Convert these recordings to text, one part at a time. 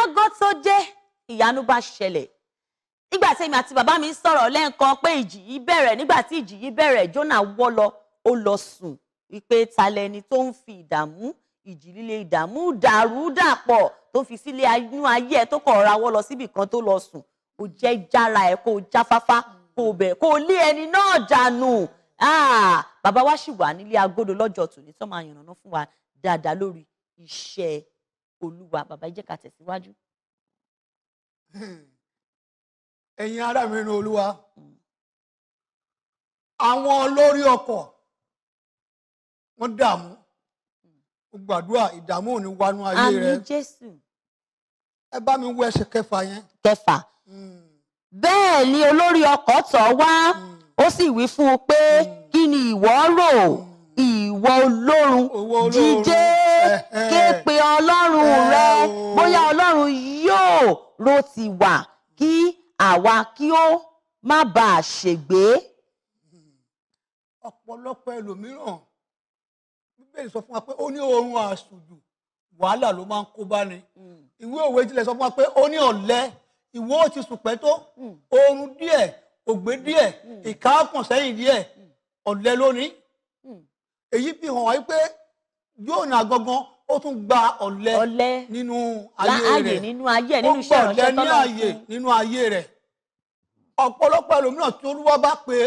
lọ́gọ́ tó jẹ́ ìyanu bá ṣẹlẹ̀ nígbà tí èmi àti bàbá mi ń sọ̀rọ̀ lẹ́ǹkan pé ìjì yìí bẹ̀rẹ̀ nígbà tí ìjì yìí bẹ̀rẹ̀ Jónà wọ́ lọ ó lọ sùn wípé talẹ̀ ni tó ń fi ìdààmú ìjì líle ìdààmú dàrú dàpọ̀ tó fi sílé inú ayé ẹ̀ tó kọ̀ ra wọ́ lọ síbì kan tó lọ sùn kò jẹ́ jára ẹ̀ kò jáfáfá kò bẹ̀ kò lé ẹni náà dànù ah! bàbá wa sì wà nílé agodo lọ́jọ́ tòní tó máa yànnàná fún wa dáadáa lórí iṣẹ́ olúwa bàbá ẹ jẹ́ ká tẹ̀síwájú. Hmm. ẹ̀yin ará mi nínú olúwa hmm. àwọn olórí ọkọ̀ wọ́n dààmú hmm. gbàdúrà ìdààmú ò ní ayé rẹ àmín jésù. ẹ bá mi wọ ẹsẹ̀ kẹfà yẹn. kẹfà bẹ́ẹ̀ ni olórí ọkọ̀ tọ̀ wá ó sì wí fún un pé kí ni ìwọ rò ìwọ olórun jíjẹ́ kí pe ọlọ́run rẹ eh, eh. bóyá ọlọ́run yóò ro ti wà kí àwa kí ó má bàa ṣègbé. ọ̀pọ̀lọpọ̀ ẹlòmíràn bíbélì sọ fún wa pé ó ní oorun àsùnjù wàhálà ló máa ń kó bá ni hmm. ìwé òwe tilẹ̀ sọ fún wa pé ó ní ọ̀lẹ ìwọ ó ti sùn tó hmm. oorun díẹ̀ ògbé díẹ̀ hmm. ìkáàkùn sẹ́yìn díẹ̀ ọ̀lẹ lónìí èyí fi hàn wáyé pé yóò nà gbọ́ngàn ó tún gba ọ̀lẹ nínú ayé rẹ̀ ó gba ọ̀lẹ ní ààyè nínú ayé rẹ̀ ọ̀pọ̀lọpọ̀ ẹlòmíràn tí olúwa bá pé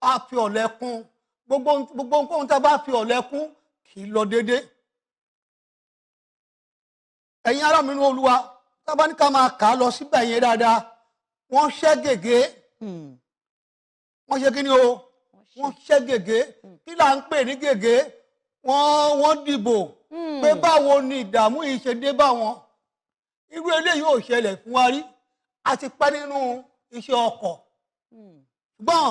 a fi ọ̀lẹ kún gbogbo nǹkan tá a bá fi ọ̀lẹ kún kì í lọ déédéé ẹ̀yin ará mi ní olúwa tá a bá ní ká máa kà á lọ síbẹ̀ yẹn dáadáa wọ́n ṣẹ́ gègé hmm. wọ́n ṣe kí ni o wọ́n ṣẹ́ gègé hmm. kí là ń pè ní gègé wọ́n wọ́n dìbò hmm. pé báwo ni ìdààmú yìí ṣe dé bá wọn irú eléyìí ò ṣẹlẹ̀ fún wa rí a ti pẹ́ nínú iṣẹ́ ọkọ̀ hmm. gbọ́n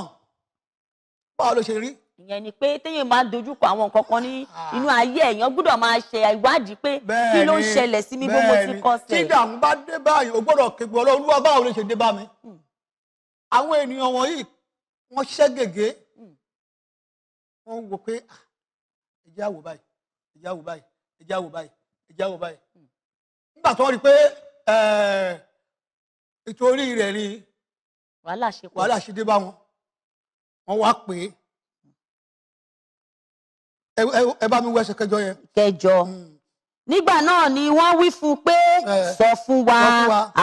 báwo ló ṣe rí ìyẹn ni pé téèyàn máa ń dojúkọ àwọn nǹkan kan ní ah. inú ayé èèyàn gbọ́dọ̀ máa ṣe ìwádìí pé kí ló ń ṣẹlẹ̀ sí mi gbogbo ti kọ́ sẹ̀. tí ìdààmú bá dé báyìí o gbọ́dọ̀ kégbọ́ olúwa báwo ló ṣe dé bá mi. Hmm. àwọn ènìyàn wọ̀nyí wọ́n ṣiṣẹ́ gègé wọ́n wò pé ah ẹjẹ́ àwò báyìí ẹjẹ́ àwò báyìí ẹjẹ́ àwò báyìí ẹjẹ́ àwò báyìí. Hmm. nígbà tó rí i pé ètò orí rẹ̀ ni wàhálà ṣe dé bá wọn wọ́n wá pè é ẹ bá mi wọ ẹsẹ̀ kẹjọ yẹn. kẹjọ hmm. nígbà náà ni wọ́n wí fún un pé sọ fún wa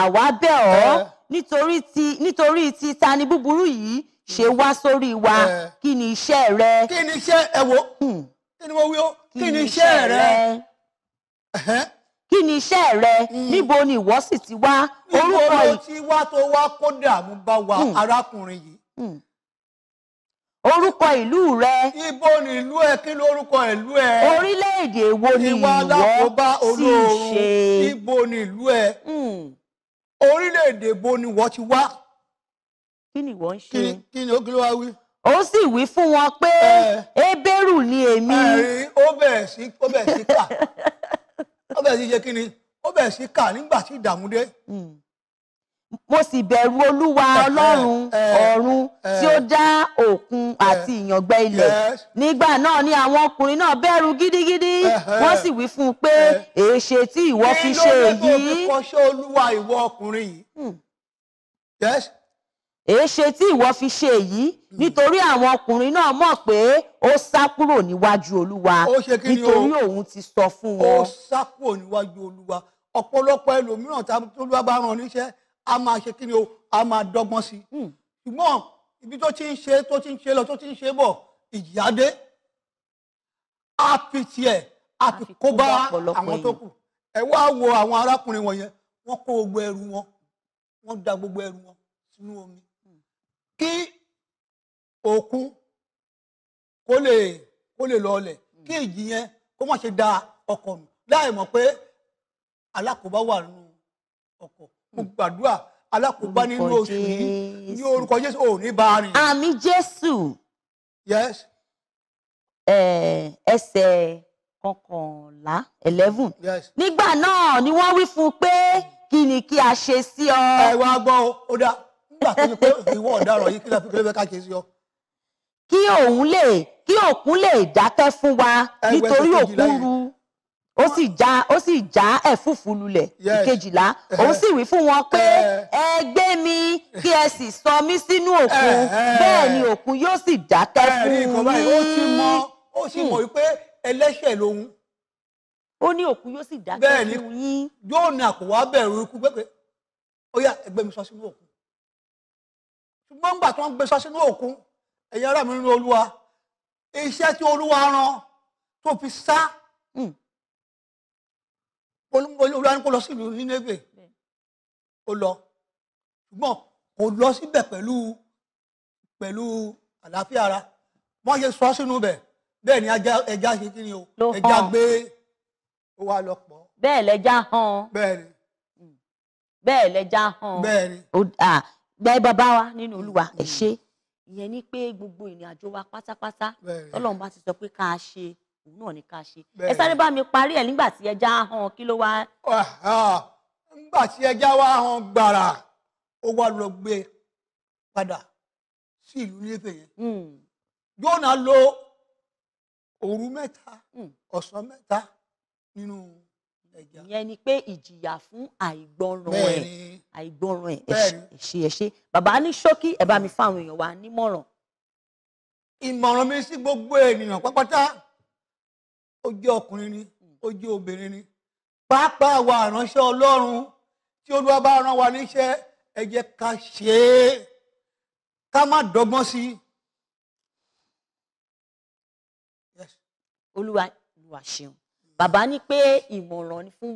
àwa bẹ̀ ọ́ nítorí ti nítorí ti tani ni búburú yìí ṣe wá sórí wa kí ni iṣẹ́ rẹ. kí ni iṣẹ́ ẹ wo hmm kí ni mo wí ó kí ni iṣẹ́ rẹ kí ni iṣẹ́ rẹ níbo ni ìwọ sì ti wá orúkọ yìí. níbo ló ti wá tó wá kó dààmú bá wa hmm. arákùnrin yìí. Hmm. orúkọ ìlú rẹ. ibo ni ìlú ẹ kí ló orúkọ ìlú ẹ. orílẹ̀-èdè wo ni ìwọ sì ṣe. ibo ni ìlú ẹ. Hmm. orílẹ̀-èdè bo ni ìwọ ti wá. kí ni ìwọ ń ṣe. kí ni ó kí ló wá wí ó sì wí fún wọn pé ebérù eh. ni èmi. ẹ̀rín eh, ó bẹ̀rẹ̀ sí ó bẹ̀rẹ̀ sí kà ó bẹ̀rẹ̀ sí ṣe kí ni ó bẹ̀rẹ̀ sí kà nígbà tí ìdààmú dé. Hmm. mo sì bẹ̀rù olúwa eh, ọlọ́run ọ̀run tí ó dá òkun àti ìyàngbẹ ilẹ̀ nígbà náà ni àwọn ọkùnrin náà bẹ̀rù gidigidi wọ́n sì wí fún un pé èéṣe tí ìwọ fi ṣe èyí. kí ló dé tó fi kọ́ olúwa ìwọ ọkùnrin yìí. Hmm èéṣe tí ìwọ fi ṣe èyí hmm. nítorí àwọn ọkùnrin náà mọ̀ pé ó sá kúrò níwájú olúwa nítorí òun ti sọ fún wọn. ó sá kúrò níwájú olúwa ọ̀pọ̀lọpọ̀ ẹlòmíràn tá olúwa bá rán níṣẹ́ a máa ṣe kí ni o a máa dọ́gbọ́n sí i hmm. ṣùgbọ́n ibi tó ti ń ṣe tó ti ń ṣe lọ tó ti ń ṣe bọ̀ ìjìyà dé a fi tiẹ̀ a fi kó bá àwọn tó kù ẹ wá wo àwọn arákùnrin wọ̀nyẹn wọ́n kó gbogbo ẹrù wọn wọ́n da gbogbo ẹrù wọn sínú omi kí òkun kó lè kó lè lọọlẹ̀ kí hmm. èjì yẹn kó má ṣe da ọkọ̀ nù láì mọ̀ pé alákòóbá wà nù ọkọ̀ mo hmm. gbàdúrà alákòóbá nínú oṣù yìí ní orúkọ Jésù ò ní bá a rìn. àmì Jésù. yes. ẹsẹ̀ kọkànlá eleven. yes. nígbà náà ni wọ́n wí fún un pé hmm. kí ni kí a ṣe sí ọ. ẹ wá gbọ́ ó dáa gbà tó ní pé ìwọ ọ̀daràn kí òun lè kí òkun lè dákẹ́ fún wa nítorí òkun ru ó sì já ó sì já ẹ̀fúùfù lulẹ̀ ìkejìlá òun sì wí fún wọn pé eh. ẹ gbé mi kí ẹ sì sọ mí sínú òkun eh, eh. bẹ́ẹ̀ ni òkun yóò sì dákẹ́ fún yín. ó sì hmm. mọ̀ wípé ẹlẹ́ṣẹ̀ lòun ó ní òkú yóò sì dákẹ́ fún yín. bẹ́ẹ̀ ni yóò ní àkùwá bẹ̀rù ikú pé ó yá ẹgbẹ́ mi sọ sínú òkú ṣùgbọ́n nígbà tí wọ́n gbé sọ sínú òkun ẹ̀yin ará mi nínú olúwa iṣẹ́ tí olúwa rán tó fi sá hmm. olúwa ní kó lọ sí ìlú Nínéfè ó lọ ṣùgbọ́n kò lọ síbẹ̀ pẹ̀lú pẹ̀lú àlàáfíà ara wọ́n ṣe sọ sínú bẹ̀ bẹ́ẹ̀ ni ẹja ṣe kí ni o ẹja gbé ó wá lọ pọ̀. bẹ́ẹ̀ lẹja hàn. bẹ́ẹ̀ ni. Hmm. bẹ́ẹ̀ lẹja hàn. bẹ́ẹ̀ ni gba ẹ bàbá wa nínú mm. olúwa ẹ mm. ṣe ìyẹn ni pé gbogbo ìrìn àjò wa pátápátá tọ́lọ́run bá ti sọ pé ká ṣe òun náà ni ká ṣe ẹ sáré bá mi parí ẹ nígbà tí ẹja hàn kí ló wá. nígbà tí ẹja wá hàn gbàrà ó wá lọ gbé padà sí ìlú nífẹ yẹn Jónà lò òru mẹ́ta mm. ọ̀sán mẹ́ta nínú ìyẹn ni pé ìjìyà fún àìgbọràn ẹ àìgbọràn ẹ ẹ ṣe ẹ ṣe bàbá ní ṣókí ẹ bá mi fáwọn èèyàn wa nímọ̀ràn. ìmọ̀ràn mi sí gbogbo ènìyàn pápátá ó jẹ́ ọkùnrin ni ó jẹ́ obìnrin ni pàápàá wa àránṣẹ́ Ọlọ́run tí Olúwa bá rán wa níṣẹ́ ẹ jẹ́ ká ṣe é ká má dọ́gbọ́n sí i. Olúwa Olúwa ṣeun bàbá ní pé ìmọ̀ràn ni fún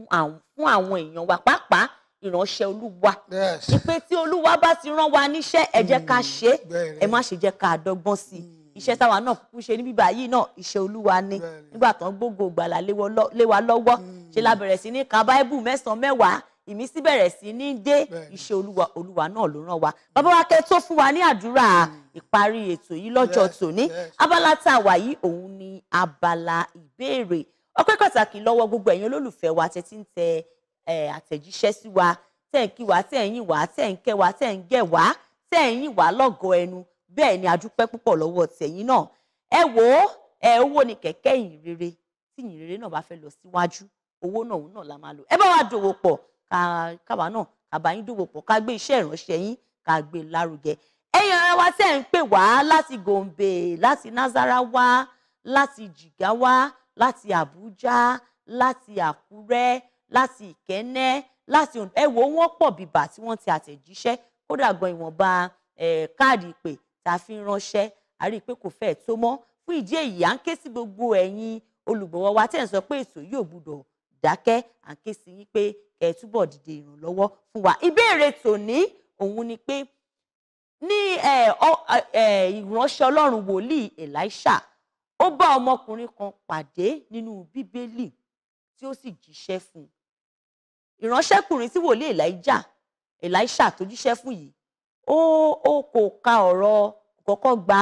àwọn èèyàn wa pàápàá ìránṣẹ́ olúwa ni pé tí olúwa bá ti rán wa níṣẹ́ ẹ jẹ́ ká mm. ṣe é ẹ má ṣe jẹ́ ká dọ́gbọ́n sí i mm. iṣẹ́ táwa náà kúkú ṣe ní bíbá náà iṣẹ́ olúwa ni nígbà tán gbogbo ìgbàlà lé wa lọ́wọ́ mm. ṣe la bẹ̀rẹ̀ sí ní ka báíbù mẹ́sàn-án mẹ́wàá ìmísí bẹ̀rẹ̀ sí ní dé iṣẹ́ olúwa olúwa náà ló rán wa bàbá wa kẹ́ tó fún wa ní àdúrà ìparí ètò yìí lọ́jọ́ tòní abala tá a wà yìí òun ni abala ìbéèrè ọpẹ́ pàtàkì lọ́wọ́ gbogbo ẹ̀yin olólùfẹ́ wa tẹ́ ti ń tẹ àtẹ̀jíṣẹ́ sí wa tẹ́ ń kí wa tẹ́ ń yìn wá tẹ́ ń kẹ́ wa tẹ́ ń gẹ̀ wá tẹ́ ń yìn wá lọ́gọ̀ọ́ ẹnu bẹ́ẹ̀ ni a dúpẹ́ púpọ̀ lọ́wọ́ tẹ̀yin náà ẹ wò ẹ owó ni kẹ̀kẹ́ ìyìn rere tí ìyìn rere náà bá fẹ́ lọ síwájú owó náà òun náà la máa lò ẹ bá wa dòwò pọ̀ káwa náà kàbá yín dòwò pọ̀ ká gbé iṣẹ́ ìránṣẹ́ yín ká gbé e lárugẹ ẹ̀yin ara wa tẹ́ ń pè wá láti Gombe láti Nasarawa láti Jigawa láti abuja, láti Àkúrẹ́ láti Ìkẹ́nẹ́ láti ẹ wo wọ́n pọ̀ bìbà tí wọ́n ti àtẹ̀jíṣẹ́ kódà gan ìwọ̀nba káàdì ìpè tá a fi ń ránṣẹ́ a rí i pé kò fẹ́ẹ̀ tó mọ́ fún ìdí èyí à ń ké sí gbogbo ẹ̀yin olùgbọ̀wọ́ wa tẹ̀ ń sọ pé ètò yóò gbúdọ̀ dákẹ́ à ń ké sí yín pé ẹ túbọ̀ dìde ìrànlọ́wọ́ fún wa ìbéèrè tòní òun ni pé ní ìránṣẹ́ Ọlọ́run wòlíì Elisha ó bá ọmọkùnrin kan pàdé nínú bíbélì tí ó sì jíṣẹ́ fún un ìránṣẹ́kùnrin tí wòlíì Èlíjà Èlíṣà tó jíṣẹ́ fún yìí ó ó kò ka ọ̀rọ̀ kọ́kọ́ gba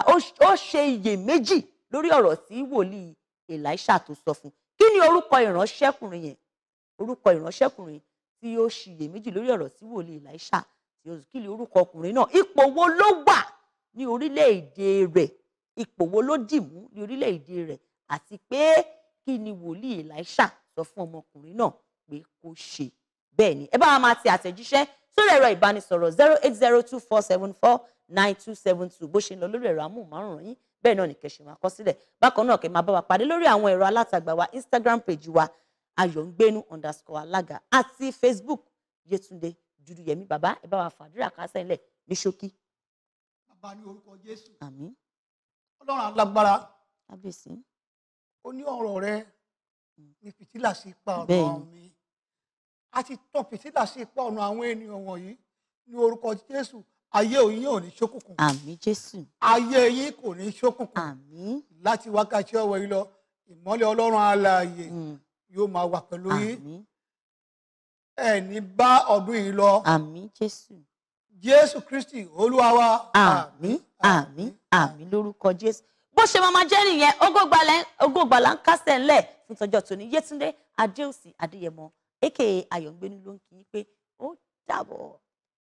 ó ṣe iyèméjì lórí ọ̀rọ̀ tí wòlíì Èlíṣà tó sọ fún kí ni orúkọ ìránṣẹ́kùnrin yẹn orúkọ ìránṣẹ́kùnrin tí ó ṣiyèméjì lórí ọ̀rọ̀ tí wòlíì Èlíṣà tí ó kí ni orúkọ ọkùnrin náà ipò wo ló wà ní orílẹ̀-èdè rẹ̀ ipò wo ló dì mú ní orílẹ̀-èdè rẹ̀ àti pé kí ni wòlíì Elisha sọ fún ọmọkùnrin náà pé kó ṣe bẹ́ẹ̀ ni ẹ bá wa máa ti àtẹ̀jíṣẹ́ sórí ẹ̀rọ ìbánisọ̀rọ̀ zero eight zero two four seven four nine two seven two bó ṣe ń lọ lórí ẹ̀rọ amóhùnmáwòrán yín bẹ́ẹ̀ náà ni kẹ̀sì máa kọ sílẹ̀ bákan náà kẹ̀ máa bá wa pàdé lórí àwọn ẹ̀rọ alátagbà wa Instagram page wa ayọ̀ngbẹ́nu underscore alága àti Facebook Yétúndé Dúdúyẹmí bàbá ẹ bá wa fàdúrà kásẹ̀ ńlẹ̀ ní ṣókí. bàbá ní orúkọ Jésù. àmín ọlọ́run alágbára ó ní ọ̀rọ̀ rẹ ni fìtílà sí ipa ọ̀nà mi a ti tọ́ fìtílà sí ipa ọ̀nà àwọn ènìyàn wọ̀nyí ní orúkọ jésù ayé yín ò ní ṣókùnkùn àmín jésù ayé yín kò ní ṣókùnkùn àmín láti wákàtí ọ̀wọ̀ yìí lọ ìmọ́lẹ̀ ọlọ́run alààyè hmm. yóò máa wà pẹ̀lú yín ẹ̀ ní bá ọdún yìí lọ àmín jésù jésù kristi olúwa wa. àmín àmín àmín lórúkọ jésù bó ṣe máa máa jẹ́ nìyẹn Ògo Ìgbàlà ń kásẹ̀ ńlẹ̀ fún tọjọ́ tòní yétúndé adéòsì adéyẹmọ aka ayọ̀ngbénu ló ń kí i pé ó dàbọ̀.